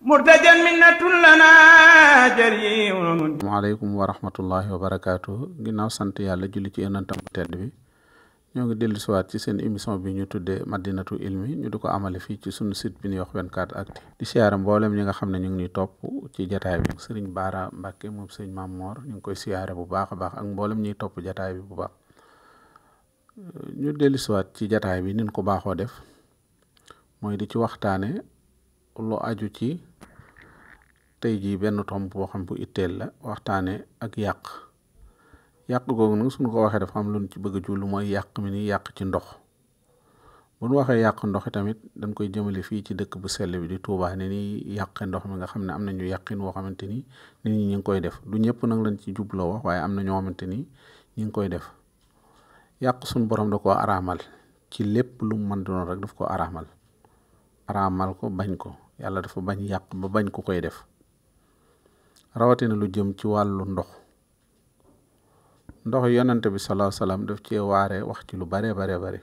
murtajan minnatun lana jariun aleykum wa rahmatullahi wa barakaatu ginnaaw sant yàlla julli ci yonentam tedd bi ñoo ngi dellu ci seen émission bi ñu tuddee madinatu ilmi ñu di ko amale fii ci sunu site bi ñuy wax 24 actu di siyaara mboolem ñi nga xam ne ñu ngi ñuy topp ci jataay bi sëriñ Baara Mbàkke moom sëriñ Maam Moor ñu ngi koy siyaare bu baax a baax ak mboolem ñuy topp jataay bi bu baax ñu dellu ci jataay bi nin ko baaxoo def mooy di ci waxtaane lu aju ci tey jii benn tomb boo xam bu itteel la waxtaane ak yàq yàq googu nag suñu ko waxee dafa am lu ñu ci bëgg a jullu mooy yàq mi ni yàq ci ndox bu ñu waxee yàq ndox tamit dañ koy jëmale fii ci dëkk bu sell bi di Touba ne ni yàqe ndox mi nga xam ne am nañu yàqin woo xamante ni nit ñu ngi koy def lu ñëpp nag lañ ci jubloo wax waaye am na ñoo xamante ni ñu ngi koy def yàq suñu borom da ko araamal ci lépp lu mu mën di rek daf ko araamal araamal ko bañ ko. yàlla dafa bañ yàq ba bañ ku koy def rawatina lu jëm ci wàllu ndox ndox yonante bi salaa salaam daf cee waare wax ci lu bare bare bare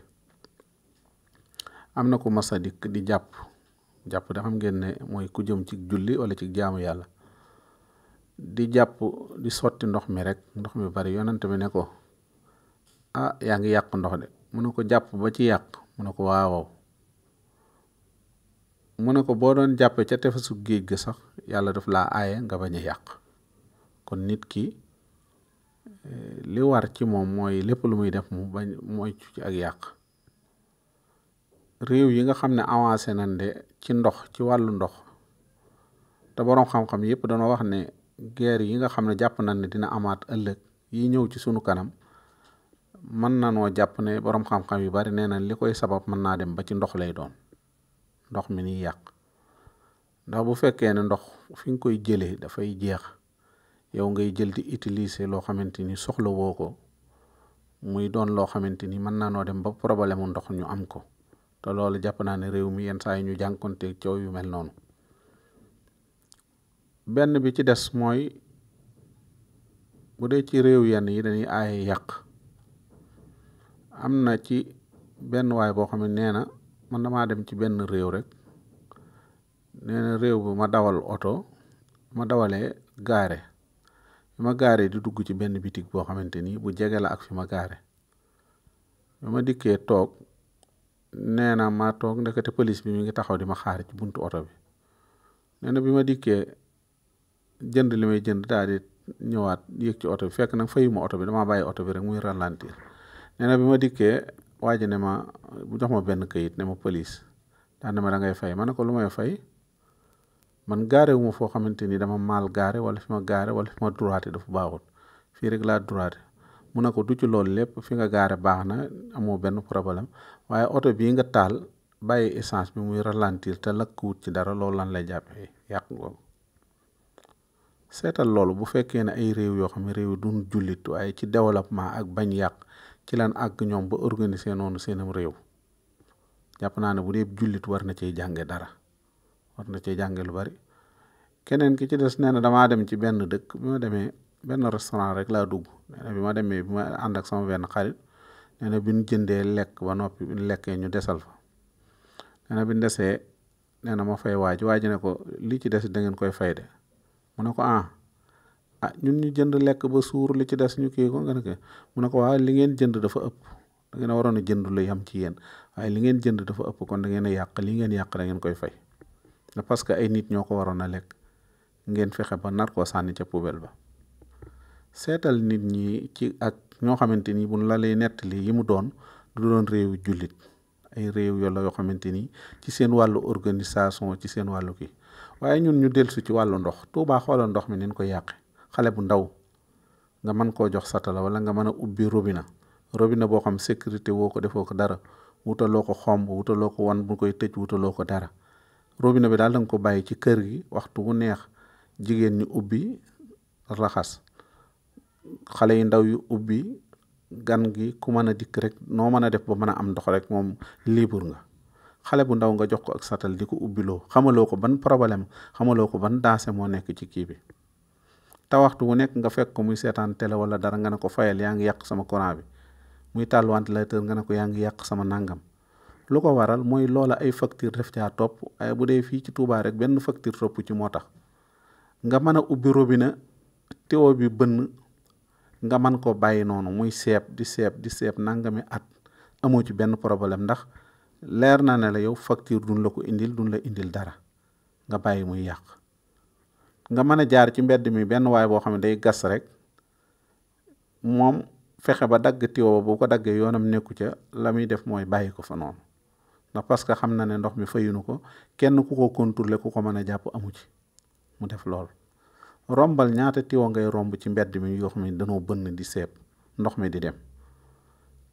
am na ku mas dikk di jàpp jàpp da xam ngeen ne mooy ku jëm ci julli wala ci jaamu yàlla di jàpp di sotti ndox mi rek ndox mi bari yonante bi ne ko ah yaa ngi yàq ndox de mu ne ko jàpp ba ci yàq mu ne ko waawaaw mu ne ko boo doon jàppee ca tefesu géej ga sax yàlla daf laa aaye nga bañ yàq kon nit ki eh, li war ci moom mooy lépp lu muy def mu bañ mooy ci ak yàq réew yi nga xam ne avancé nañ de ci ndox ci wàllu ndox te boroom xam-xam dañoo wax ne guerre yi nga xam ne jàpp nañ ne dina amaat ëllëg yi ñëw ci sunu kanam mën na noo jàpp ne boroom xam-xam yu bari nee na li koy sabab mën naa dem ba ci ndox lay doon ndox mi ni yàq ndax bu fekkee ne ndox fi nga koy jëlee dafay jeex yow ngay jël di utiliser loo xamante ni soxla woo ko muy doon loo xamante ni mën naa noo dem ba problème mu ndox ñu am ko te loolu jàpp naa ne réew mi yenn saa yi ñu jànkonte coow yu mel noonu benn bi ci des mooy bu dee ci réew yenn yi dañuy aaye yàq am na ci benn waay boo xam nee na man damaa dem ci benn réew rek nee réew bi ma dawal oto ma dawalee gaare bi ma gaaree di dugg ci benn bitik boo xamante ni bu jege la ak fi ma gaare bi ma dikkee toog nee na ma toog te police bi mi ngi taxaw di ma xaar ci buntu oto bi nee bi ma dikkee jënd li may jënd daal di ñëwaat yéeg ci oto bi fekk nag fayuma oto bi damaa bàyyi oto bi rek muy ralentir nee bi ma dikkee waa ji ne ma bu jox ma benn kayit ne ma police daan ma da ngay fay ma ne ko lu may fay man gaare wu foo xamante ni dama maal gaare wala fi ma gaare wala fi ma droite dafa baaxut fii rek laa droite mu ne ko du ci loolu lépp fi nga gaare baax na amoo benn problème waaye oto bii nga taal bàyyi essence bi muy ralentir te lakkuwut ci dara lool lan lay jàppee yàq googu seetal loolu bu fekkee ne ay réew yoo xam ne réew yi duñ jullit waaye ci développement ak bañ yàq ci lan àgg ñoom ba organiser noonu seenam réew jàpp naa ne bu dee jullit war na cee jànge dara war na cee jànge lu bari keneen ki ci des nee na damaa dem ci benn dëkk bi ma demee benn restaurant rek laa dugg bi ma demee bi ma ànd ak sama benn xarit nee na bi ñu jëndee lekk ba noppi bi ñu lekkee ñu desal fa nee bi ñu desee nee na ma fay waaj waaj ne ko li ci des da ngeen koy fay de mu ko ah ah ñun ñu jënd lekk ba suur li ci des ñu kii ko nga ne ko mu ne ko waaw li ngeen jënd dafa ëpp da waroon a jënd lu yam ci yéen waaye li ngeen jënd dafa ëpp kon da ngeen a yàq li ngeen yàq da koy fay parce que ay nit ñoo ko waroon a lekk ngeen fexe ba nar koo sànni ca poubelle ba seetal nit ñi ci ak ñoo xamante ni buñ la lay nettali yi mu doon du doon réewu jullit ay réew yoo la yoo xamante ni ci seen wàllu organisation ci seen wàllu kii waaye ñun ñu dellu si ci wàllu ndox Tuubaa xoolal ndox mi neen ko yàqe xale bu ndaw nga mën koo jox satala wala nga mën a ubbi robinet robinet boo xam sécurité woo ko defoo ko dara wutaloo ko xomb wutaloo ko wan bu koy tëj wutaloo ko dara robinet bi daal da nga ko bàyyi ci kër gi waxtu wu neex jigéen ñi ubbi raxas xale yu ndaw yu ubbi gan gi ku mën a dikk rek noo mën a def ba mën a am ndox rek moom libre nga xale bu ndaw nga jox ko ak satal di ko ubbiloo xamaloo ko ban problème xamaloo ko ban daase moo nekk ci kii bi te waxtu wu nekk nga fekk ko muy seetaan télé wala dara nga ne ko fayal yaa ngi yàq sama courant bi muy taal ventilateur nga ne ko yaa ngi yàq sama nangam lu ko waral mooy loola ay facture def caa topp ay bu dee fii ci Touba rek benn facture topp ci moo tax nga mën a ubbi robine tiwo bi bënn nga mën ko bàyyi noonu muy seeb di seeb di seeb nangami at amoo ci benn problème ndax leer na ne la yow facture duñ la ko indil duñ la indil dara nga bàyyi muy yàq nga mën a jaar ci mbedd mi benn waay boo xam ne day gas rek moom fexe ba dagg tiwo bu ko daggee yoonam nekku ca la muy def mooy bàyyi ko fa noonu ndax parce que xam na ne ndox mi fayunu ko kenn ku ko contrôler ku ko mën a jàpp amu ci mu def lool rombal ñaata tiwo ngay romb ci mbedd mi yoo xam ne danoo bënn di seeb ndox mi di dem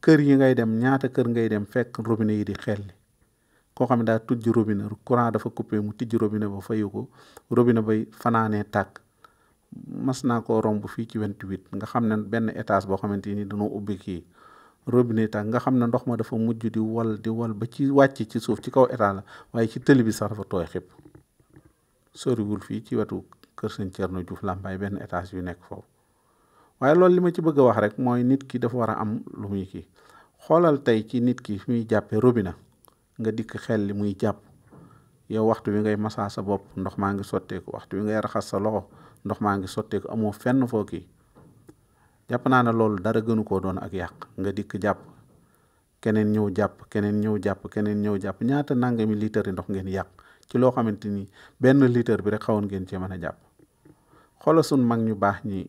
kër yi ngay dem ñaata kër ngay dem fekk robinet yi di xelli koo xam ne daa tujj robinet courant dafa coupé mu tijj robinet ba fayu ko robinet bay fanaanee tàkk mas naa koo romb fii ci went 28 nga xam ne benn étage boo xamante ni dañoo ubbi kii robinet tàkk nga xam ne ndox ma dafa mujj di wal di wal ba ci wàcc ci suuf ci kaw étage la waaye ci tëli sax dafa tooy xëpp soriwul fii ci wetu kër sëñ na Diouf làmpaay benn étage yu nekk foofu waaye loolu li ma ci bëgg a wax rek mooy nit ki dafa war a am lu muy kii xoolal tey ci nit ki fi muy jàppee robinet. nga dikk xel li muy jàpp yow waxtu wi ngay masaa sa bopp ndox maa ngi sotteeku waxtu wi ngay raxas sa loxo ndox maa ngi sotteeku amoo fenn fooki jàpp naa ne loolu dara gënu koo doon ak yàq nga dikk jàpp keneen ñëw jàpp keneen ñëw jàpp keneen ñëw jàpp ñaata nangami litre yi ndox ngeen yàq ci loo xamante ni benn litre bi rek xawoon ngeen cee mën a jàpp xoolal sunu mag ñu baax ñi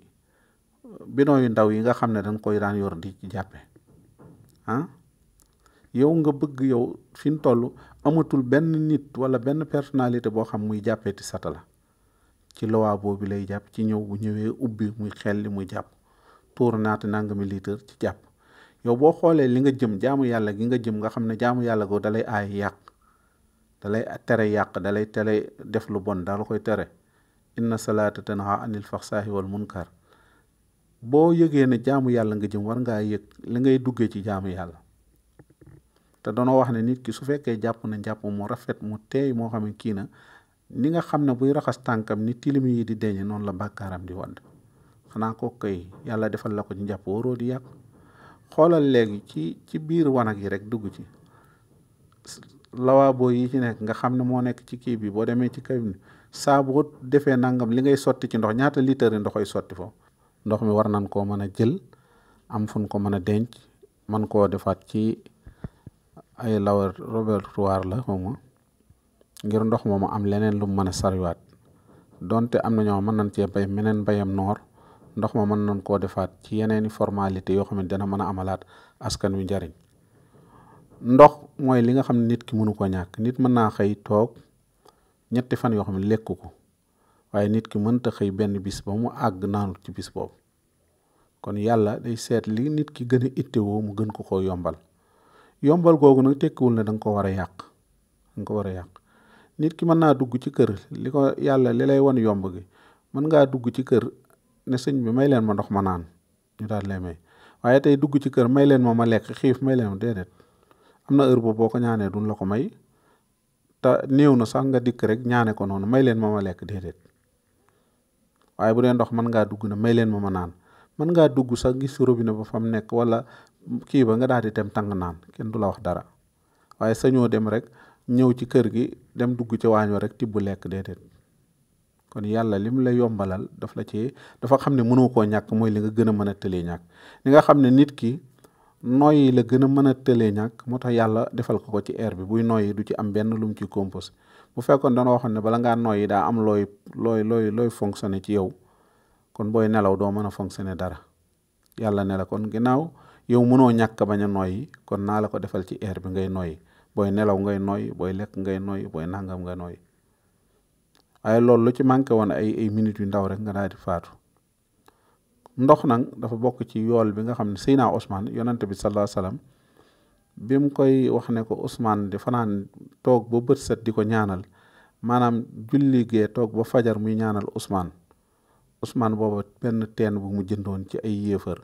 bidon yu ndaw yi nga xam ne dañ koy daan yor di ci jàppe ah. yow nga bëgg yow fi mu toll amatul benn nit wala benn personnalité boo xam muy jàppeeti sata la ci lowaa boobu lay jàpp ci ñëw bu ñëwee ubbi muy li muy jàpp tuur naata mi litre ci jàpp yow boo xoolee li nga jëm jaamu yàlla gi nga jëm nga xam ne jaamu yàlla goo dalay aay yàq dalay tere yàq dalay tere def lu bon daal koy tere inna salaata te tanha anil faxsaahi mun munkar boo yëgee ne jaamu yàlla nga jëm war ngaa yëg li ngay duggee ci jaamu yàlla te danoo wax ne nit ki su fekkee jàpp na jàpp mu rafet mu teey moo xam ne kii na ni nga xam ne buy raxas tànkam ni tilim yi di deñe noonu la bàkkaaram di wadd xanaa ko kay yàlla defal la ko ci jàpp waroo di yàq xoolal léegi ci ci biir wanag yi rek dugg ci lawaabo yi ci nekk nga xam ne moo nekk ci kii bi boo demee ci kay saa boo defee nangam li ngay sotti ci ndox ñaata litre ndoxoy sotti foofu ndox mi war nañ koo mën a jël am fun ko mën a denc man koo defaat ci ay lawar robertoire la xaw ma ngir ndox moomu am leneen lu mën a sariwaat donte am na ñoo mën nañ cee bay meneen mbayam noor ndox ma mën nañ koo defaat ci yeneeni formalité yoo xam ne dana mën a amalaat askan wi njariñ ndox mooy li nga xam ne nit ki mënu ko ñàkk nit mën naa xëy toog ñetti fan yoo xam ne lekk ko waaye nit ki mën mënta xëy benn bis ba mu àgg naanut ci bis boobu kon yàlla day seet li nit ki gën a mu gën ko koo yombal yombal googu nag tekkiwul na danga ko war a yàq ko war a yàq nit ki mën naa dugg ci kër li ko yàlla li lay wan yomb gi mën ngaa dugg ci kër ne sëñ bi may leen ma ndox ma naan ñu daal lay may waaye tey dugg ci kër may leen ma ma lekk xiif may leen ma déedéet am na heure boobu boo ko ñaanee duñ la ko may te néew na sax nga dikk rek ñaane ko noonu may leen ma ma lekk déedéet waaye bu dee ndox mën ngaa dugg na may leen ma ma naan mën ngaa dugg sax gis robinet ba fa nekk wala kii ba nga daal di dem tàng naan kenn du la wax dara waaye sañoo dem rek ñëw ci kër gi dem dugg ci waañ waañoo rek tibb lekk déedéet kon yàlla lim la yombalal daf la ci dafa xam ne mënoo koo ñàkk mooy li nga gën a mën a tëlee ñàkk li nga xam ne nit ki nooyi la gën a mën a tëlee ñàkk moo tax yàlla defal ko ko ci air bi buy nooyi du ci am benn lum ci composé bu fekkoon dana waxoon ne bala ngaa yi daa am looy looy looy looy fonctionné ci yow kon booy nelaw doo mën a fonctionné dara yàlla ne kon ginnaaw yow mënoo ñàkk bañ a nooyi kon naa la ko defal ci air bi ngay nooy booy nelaw ngay nooy booy lekk ngay nooyi booy nangam nga nooyi waaye loolu lu ci manqué woon ay ay minutes yu ndaw rek nga daal di faatu ndox nag dafa bokk ci yool bi nga xam ne Seydina Ousmane yonante bi sallallahu alayhi wasallam bi mu koy wax ne ko Ousmane di toog ba bët ko ñaanal maanaam julli gee toog ba fajar muy ñaanal Ousmane Ousmane booba benn teen bu mu jëndoon ci ay yéefar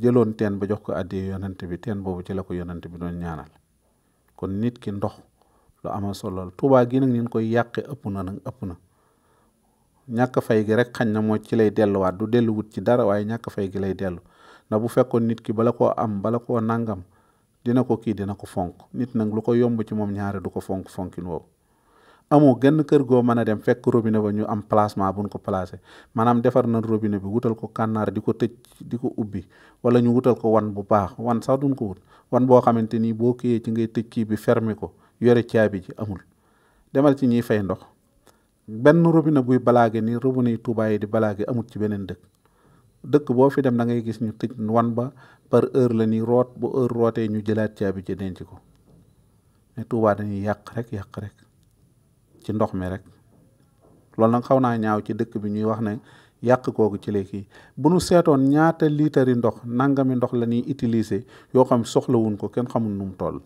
jëloon teen ba jox ko àddee yonent bi teen boobu ci la ko yonent bi doon ñaanal kon nit ki ndox lu ama solo tubaa gi nag nin koy yàqe ëpp na nag ëpp na ñàkk fay gi rek xañ na moo ci lay delluwaat du delluwut ci dara waaye ñàkk fay gi lay dellu ndax bu fekkoon nit ki bala koo am bala koo nangam dina ko kii dina ko fonk nit nag lu ko yomb ci moom ñaare du ko fonk fonkin woowu amoo genn kër goo mën a dem fekk robinet ba ñu am placement buñ ko placé maanaam defar na robinet bi wutal ko kànnaar di ko tëj di ko ubbi wala ñu wutal ko wan bu baax wan sax ko wut wan boo xamante ni boo kiyee ci ngay tëj kii bi fermer ko yore caabi ji amul demal ci ñiy fay ndox benn robine buy balaage ni robinet yi di balaage amul ci beneen dëkk dëkk boo fi dem da ngay gis ñu tëj wan ba par heure la ni root bu heure rootee ñu jëlaat caabi ji denc ko mais Tuubaa dañuy yàq rek yàq rek ci ndox mi rek loolu nag xaw naa ñaaw ci dëkk bi ñuy wax na yàq kooku ci léegi bu nu seetoon ñaata liitari ndox nangami ndox la ñuy utiliser yoo xam soxlawuñ ko kenn xamul nu mu toll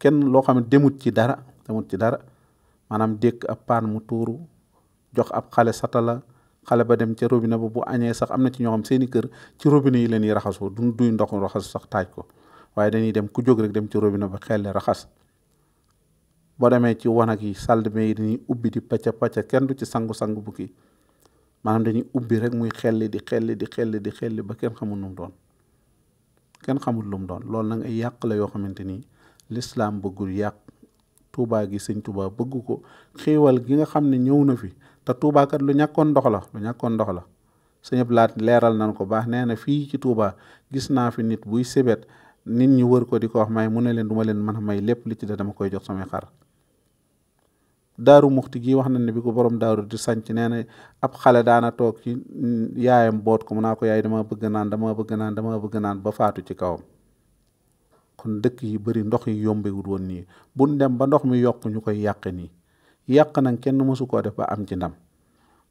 kenn loo xam ne demut ci dara demut ci dara maanaam dékk ab paan mu tuuru jox ab xale satala xale ba dem ca robinet ba bu añee sax am na ci ñoo xam seeni kër ci robinet yi la ñuy raxasoo duñ duy ndox raxas sax taaj ko waaye dañuy dem ku jóg rek dem ci robinet ba xel raxas boo demee ci wanag yi saldime yi dañuy ubbi di pacca pacca kenn du ci sangu-sangu bukki maanaam dañuy ubbi rek muy xelli di xelli di xelli di xelli ba kenn xamul lu doon kenn xamul lu doon lool nag yàq la yoo xamante ni lislaam bëggul yàq tuubaa gi sëñ tuubaa bëgg ko xéewal gi nga xam ne ñëw na fi te tuubaakat lu ñàkkoon ndox la lu ñàkkoon ndox la sëñ laat leeral nañ ko baax nee na fii ci tuubaa gis naa fi nit buy sebet nit ñi wër ko di ko wax may mu ne leen duma leen mën a may lépp li ci da dama koy jox samay xar daaru muxti gi wax nañ ne bi ko borom daaru di sanc nee na ab xale daana toog ci yaayam boot ko mu naa ko yaay dama bëgg naan dama bëgg naan dama bëgg naan ba faatu ci kawam kon dëkk yi bari ndox yi yombewut woon nii bu dem ba ndox mi yokk ñu koy yàq nii yàq nag kenn mësu koo def ba am ci ndam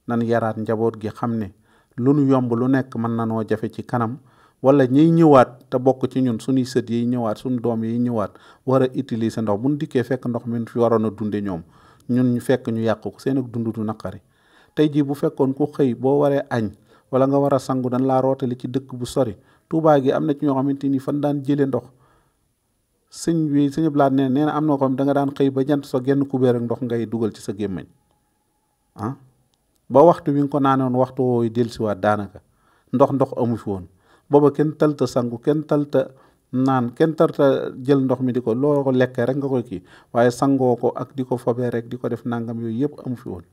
nan yaraat njaboot gi xam ne lu nu yomb lu nekk mën nanoo jafe ci kanam wala ñiy ñëwaat te bokk ci ñun suñuy sët yiy ñëwaat suñu doom yiy ñëwaat wara a ndox bu dikkee fekk ndox mi fi waroon a dunde ñoom ñun ñu fekk ñu yàq seen ak dund du naqari tey jii bu fekkoon ku xëy boo waree añ wala nga war a sangu dañ laa ci dëkk bu sori Tuubaa gi am na ci ñoo xamante ni fan daan jëlee ndox sëñ bi sëñ blaat nee nee na am na ko danga daan xëy ba jant so genn kubéer ak ndox ngay dugal ci sa gémmañ ah? ba waxtu wi nga ko naanoon waxtu woowu dellusiwaat daanaka ndox ndox amu fi woon booba kenn talta sangu kenn talta naan kenn tarta jël ndox mi di ko loo lekkee rek nga koy kii waaye sangoo ko ak di ko fobee rek di ko def nangam yooyu yëpp amu fi woon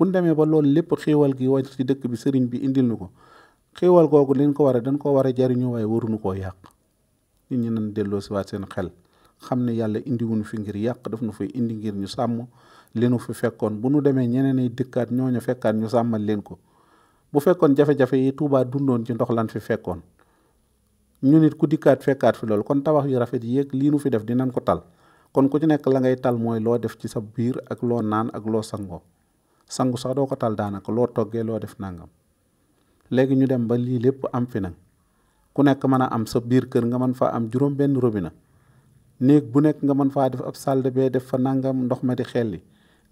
buñ demee ba loolu lépp xéewal gi wàcc si dëkk bi sëriñ bi indil nu ko xéewal googu liñ ko war a dañ ko war a jariñu waaye waruñu koo yàq nit ñi nañ delloo si waat seen xel xam ne yàlla indiwuñu fi ngir yàq def nu fay indi ngir ñu sàmm li nu fi fekkoon bu nu demee ñeneen ay dëkkaat ñooñu fekkaat ñu sàmmal leen ko bu fekkoon jafe yi Tuubaa dundoon ci ndox lan fi fekkoon ñu nit ku dikkaat fekkaat fi loolu kon tabax yu rafet yéeg lii fi def dinañ ko tal kon ku ci nekk la ngay tal mooy loo def ci sa biir ak loo naan ak loo sangoo sangu sax doo ko tal daanaka loo toggee loo def nangam léegi ñu dem ba lii lépp am fi nag ku nekk mën a am sa biir kër nga mën fa am juróom benn robinet néeg bu nekk nga mën faa def ab salle de def fa nangam ndox ma di xelli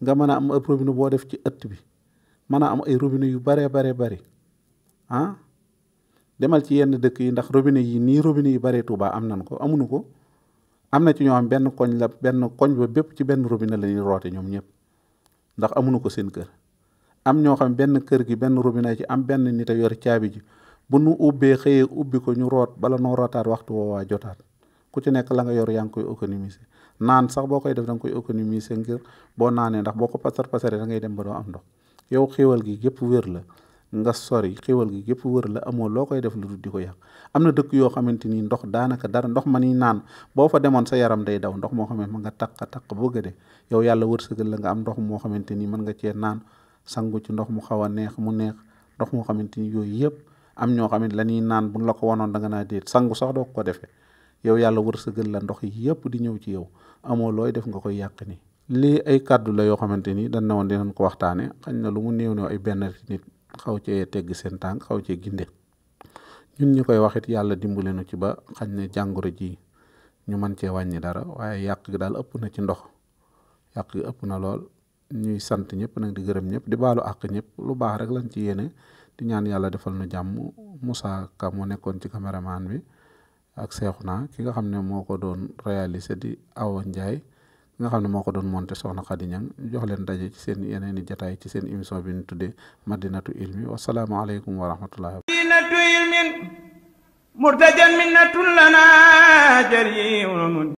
nga mën a am ab robinet boo def ci ëtt bi mën a am ay robinet yu baree baree bari ah demal ci yenn dëkk yi ndax robinet yi nii robinet yi bare Touba am nan ko amuñu ko am na ci ñoo am benn koñ la benn koñ ba bépp ci benn robine la ñuy roote ñoom ñëpp ndax amunu ko seen kër am ñoo xam benn kër gi benn robinet ci am benn nit a yor caabi ji bu nu ubbee xëyee ubbi ko ñu root bala noo rootaat waxtu woowaa jotaat ku ci nekk la nga yor yaa ngi koy économiser naan sax boo koy def da nga koy économiser ngir boo naanee ndax boo ko pasar pasaree da ngay dem ba doo am ndox yow xéwal gi yëpp wér la nga sori xéwal gi yëpp wër la amoo loo koy def lu dul di ko yàq am na dëkk yoo xamante ni ndox daanaka dara ndox ma ni naan boo fa demoon sa yaram day daw ndox moo xamante ma nga taq a taq bëgg de yow yàlla wërsëgal la nga am ndox moo xamante ni mën nga cee naan sangu ci ndox mu xaw a neex mu neex ndox moo xamante ni yooyu yëpp am ñoo xam ne la ñuy naan buñ la ko wanoon da nga naa déet sangu sax doo ko defee yow yàlla wërsëgal la ndox yi yëpp di ñëw ci yow amoo looy def nga koy yàq ni lii ay kaddu la yoo xamante ni dañ na woon dinañ ko waxtaane xañ na lu mu néew ne ay benn nit xaw ce tegg seen tànk xaw cee ginde ñun ñu koy waxit yàlla dimbale nu ci ba xañ ne jàngoro ji ñu mën cee wàññi dara waaye yàq gi daal ëpp na ci ndox yàq gi ëpp na lool ñuy sant ñëpp nag di gërëm ñëpp di baalu àq ñëpp lu baax rek lañ ci yéene di ñaan yàlla defal nu jàmm Moussa kam mu nekkoon ci caméraman bi ak naa ki nga xam ne moo ko doon réaliser di Awa Ndiaye nga xam ne moo ko doon monté soxna Khady Niang jox leen daje ci seen yeneen i jataay ci seen émission bi ñu tuddee madinatu ilmi wasalaamaaleykum wa rahmatullahi madinatu ilmin murtajan minnatun lana jariun